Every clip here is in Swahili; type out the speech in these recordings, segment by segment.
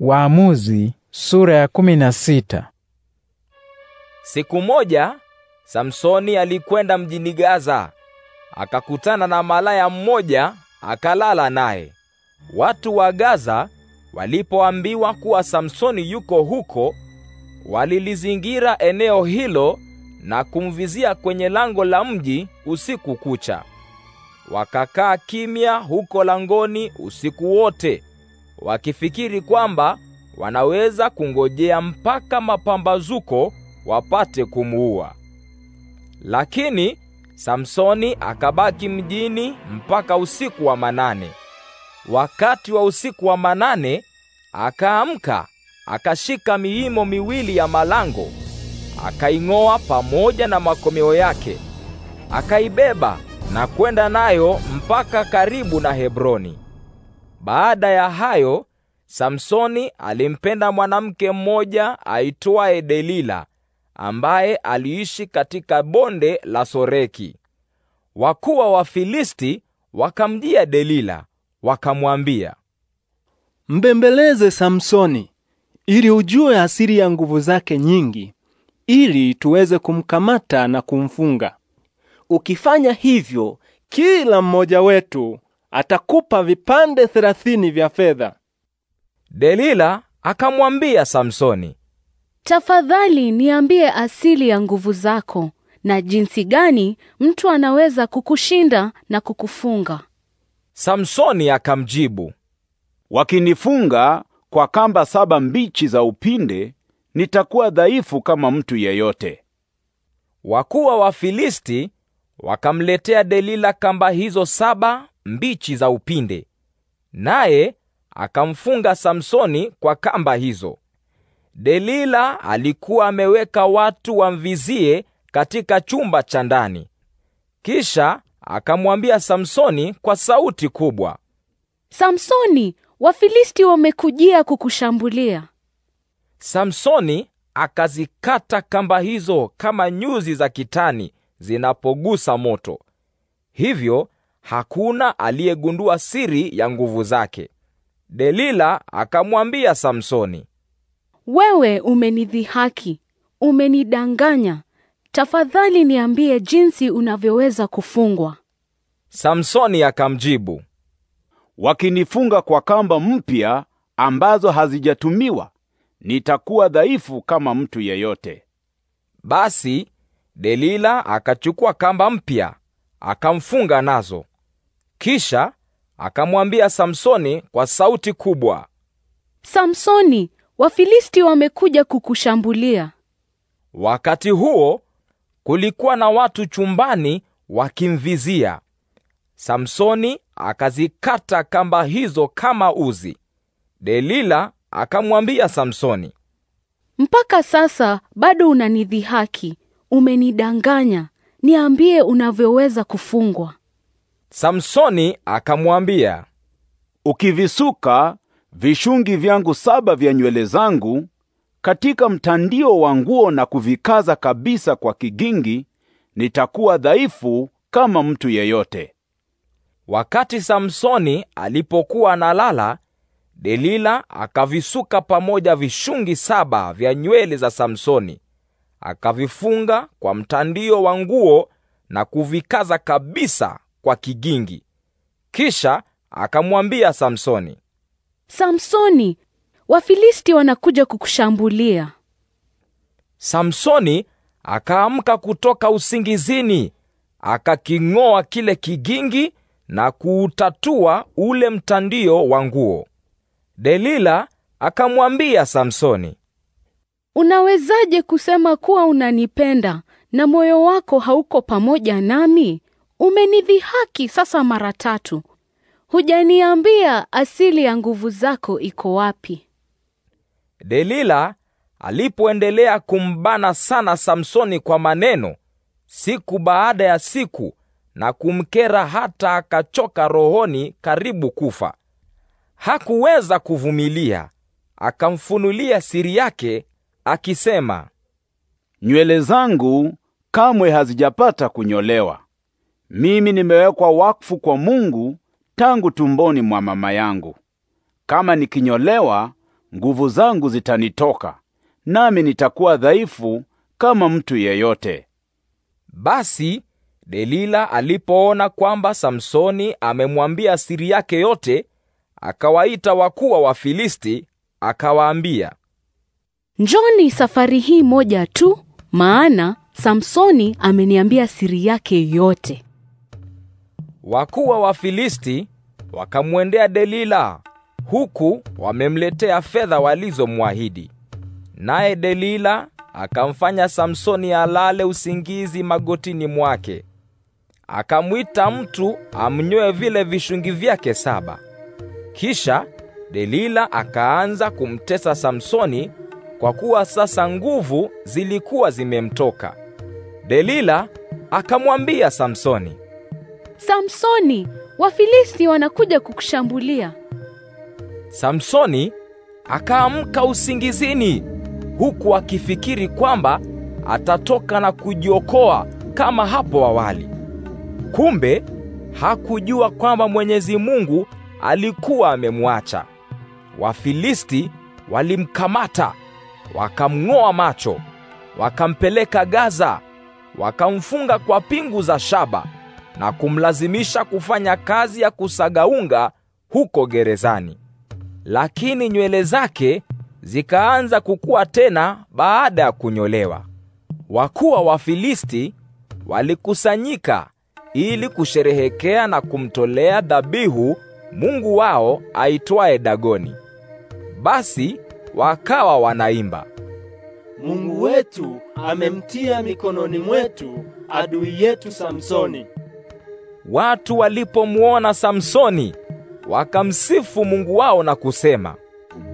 Waamuzi sura ya kumi na sita. Siku moja Samsoni alikwenda mjini Gaza, akakutana na malaya mmoja akalala naye. Watu wa Gaza walipoambiwa kuwa Samsoni yuko huko, walilizingira eneo hilo na kumvizia kwenye lango la mji usiku kucha. Wakakaa kimya huko langoni usiku wote wakifikiri kwamba wanaweza kungojea mpaka mapambazuko wapate kumuua. Lakini Samsoni akabaki mjini mpaka usiku wa manane. Wakati wa usiku wa manane akaamka, akashika miimo miwili ya malango, akaing'oa pamoja na makomeo yake, akaibeba na kwenda nayo mpaka karibu na Hebroni. Baada ya hayo, Samsoni alimpenda mwanamke mmoja aitwaye Delila ambaye aliishi katika bonde la Soreki. Wakuu wa Wafilisti wakamjia Delila, wakamwambia, "Mbembeleze Samsoni ili ujue asiri ya nguvu zake nyingi, ili tuweze kumkamata na kumfunga. Ukifanya hivyo, kila mmoja wetu atakupa vipande thelathini vya fedha. Delila akamwambia Samsoni, tafadhali niambie asili ya nguvu zako na jinsi gani mtu anaweza kukushinda na kukufunga. Samsoni akamjibu, wakinifunga kwa kamba saba mbichi za upinde, nitakuwa dhaifu kama mtu yeyote. Wakuu wa Wafilisti wakamletea Delila kamba hizo saba mbichi za upinde, naye akamfunga Samsoni kwa kamba hizo. Delila alikuwa ameweka watu wamvizie katika chumba cha ndani. Kisha akamwambia Samsoni kwa sauti kubwa, Samsoni, Wafilisti wamekujia kukushambulia. Samsoni akazikata kamba hizo kama nyuzi za kitani zinapogusa moto. Hivyo hakuna aliyegundua siri ya nguvu zake. Delila akamwambia Samsoni, wewe umenidhihaki, umenidanganya. Tafadhali niambie jinsi unavyoweza kufungwa. Samsoni akamjibu, wakinifunga kwa kamba mpya ambazo hazijatumiwa, nitakuwa dhaifu kama mtu yeyote. Basi Delila akachukua kamba mpya akamfunga nazo. Kisha akamwambia Samsoni kwa sauti kubwa, Samsoni, Wafilisti wamekuja kukushambulia. Wakati huo kulikuwa na watu chumbani wakimvizia. Samsoni akazikata kamba hizo kama uzi. Delila akamwambia Samsoni, mpaka sasa bado unanidhihaki, umenidanganya. Niambie unavyoweza kufungwa. Samsoni akamwambia, ukivisuka vishungi vyangu saba vya nywele zangu katika mtandio wa nguo na kuvikaza kabisa kwa kigingi, nitakuwa dhaifu kama mtu yeyote. Wakati Samsoni alipokuwa analala, Delila akavisuka pamoja vishungi saba vya nywele za Samsoni, akavifunga kwa mtandio wa nguo na kuvikaza kabisa kwa kigingi. Kisha akamwambia Samsoni, Samsoni, Wafilisti wanakuja kukushambulia. Samsoni akaamka kutoka usingizini, akaking'oa kile kigingi na kuutatua ule mtandio wa nguo. Delila akamwambia Samsoni, unawezaje kusema kuwa unanipenda na moyo wako hauko pamoja nami? Umenidhihaki sasa mara tatu, hujaniambia asili ya nguvu zako iko wapi? Delila alipoendelea kumbana sana Samsoni kwa maneno siku baada ya siku na kumkera hata akachoka rohoni, karibu kufa, hakuweza kuvumilia. Akamfunulia siri yake akisema, nywele zangu kamwe hazijapata kunyolewa. Mimi nimewekwa wakfu kwa Mungu tangu tumboni mwa mama yangu. Kama nikinyolewa, nguvu zangu zitanitoka, nami nitakuwa dhaifu kama mtu yeyote. Basi Delila alipoona kwamba Samsoni amemwambia siri yake yote, akawaita wakuu wa Wafilisti akawaambia, njoni safari hii moja tu, maana Samsoni ameniambia siri yake yote wakuu wa Wafilisti wakamwendea Delila huku wamemletea fedha walizomwahidi. Naye Delila akamfanya Samsoni alale usingizi magotini mwake, akamwita mtu amnyoe vile vishungi vyake saba. Kisha Delila akaanza kumtesa Samsoni kwa kuwa sasa nguvu zilikuwa zimemtoka. Delila akamwambia Samsoni, Samsoni, Wafilisti wanakuja kukushambulia. Samsoni akaamka usingizini huku akifikiri kwamba atatoka na kujiokoa kama hapo awali. Kumbe hakujua kwamba Mwenyezi Mungu alikuwa amemwacha. Wafilisti walimkamata, wakamng'oa macho, wakampeleka Gaza, wakamfunga kwa pingu za shaba na kumlazimisha kufanya kazi ya kusaga unga huko gerezani. Lakini nywele zake zikaanza kukua tena baada ya kunyolewa. Wakuu wa Wafilisti walikusanyika ili kusherehekea na kumtolea dhabihu mungu wao aitwaye Dagoni. Basi wakawa wanaimba, Mungu wetu amemtia mikononi mwetu adui yetu Samsoni. Watu walipomwona Samsoni wakamsifu Mungu wao na kusema,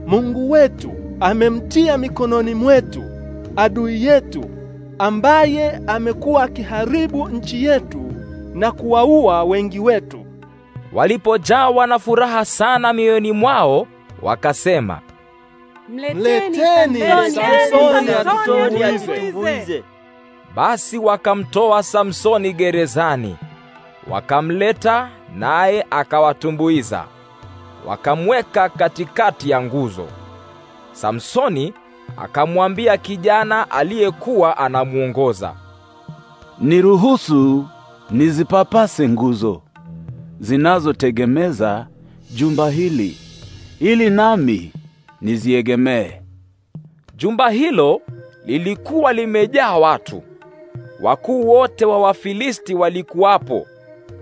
Mungu wetu amemtia mikononi mwetu adui yetu ambaye amekuwa akiharibu nchi yetu na kuwaua wengi wetu. Walipojawa na furaha sana mioyoni mwao, wakasema, Mleteni Samsoni atutumbuize. Basi wakamtoa Samsoni gerezani Wakamleta naye akawatumbuiza, wakamweka katikati ya nguzo. Samsoni akamwambia kijana aliyekuwa anamwongoza, niruhusu nizipapase nguzo zinazotegemeza jumba hili ili nami niziegemee. Jumba hilo lilikuwa limejaa watu. Wakuu wote wa Wafilisti walikuwapo,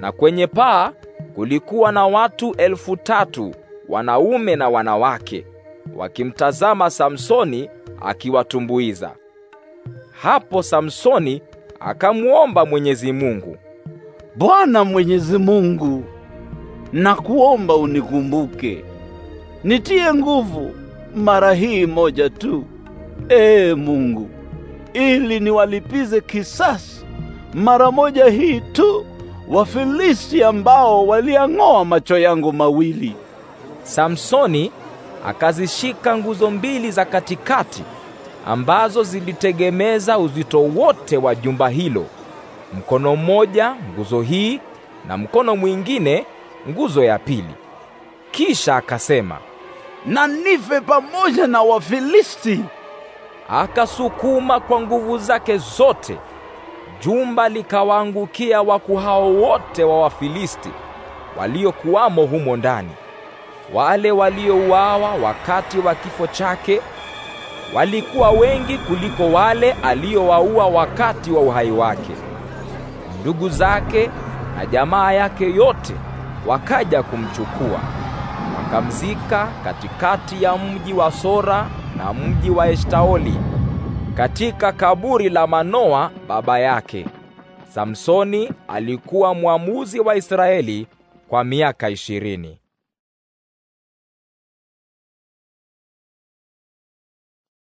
na kwenye paa kulikuwa na watu elfu tatu wanaume na wanawake wakimtazama Samsoni akiwatumbuiza. Hapo Samsoni akamwomba Mwenyezi Mungu, Bwana Mwenyezi Mungu, nakuomba unikumbuke, nitie nguvu mara hii moja tu, ee Mungu, ili niwalipize kisasi mara moja hii tu Wafilisti ambao waliang'oa macho yangu mawili. Samsoni akazishika nguzo mbili za katikati ambazo zilitegemeza uzito wote wa jumba hilo, mkono mmoja nguzo hii na mkono mwingine nguzo ya pili. Kisha akasema, na nife pamoja na Wafilisti. Akasukuma kwa nguvu zake zote jumba likawaangukia wakuu hao wote wa Wafilisti waliokuwamo humo ndani. Wale waliouawa wakati wa kifo chake walikuwa wengi kuliko wale aliowaua wakati wa uhai wake. Ndugu zake na jamaa yake yote wakaja kumchukua, wakamzika katikati ya mji wa Sora na mji wa Eshtaoli katika kaburi la Manoa baba yake. Samsoni alikuwa mwamuzi wa Israeli kwa miaka ishirini.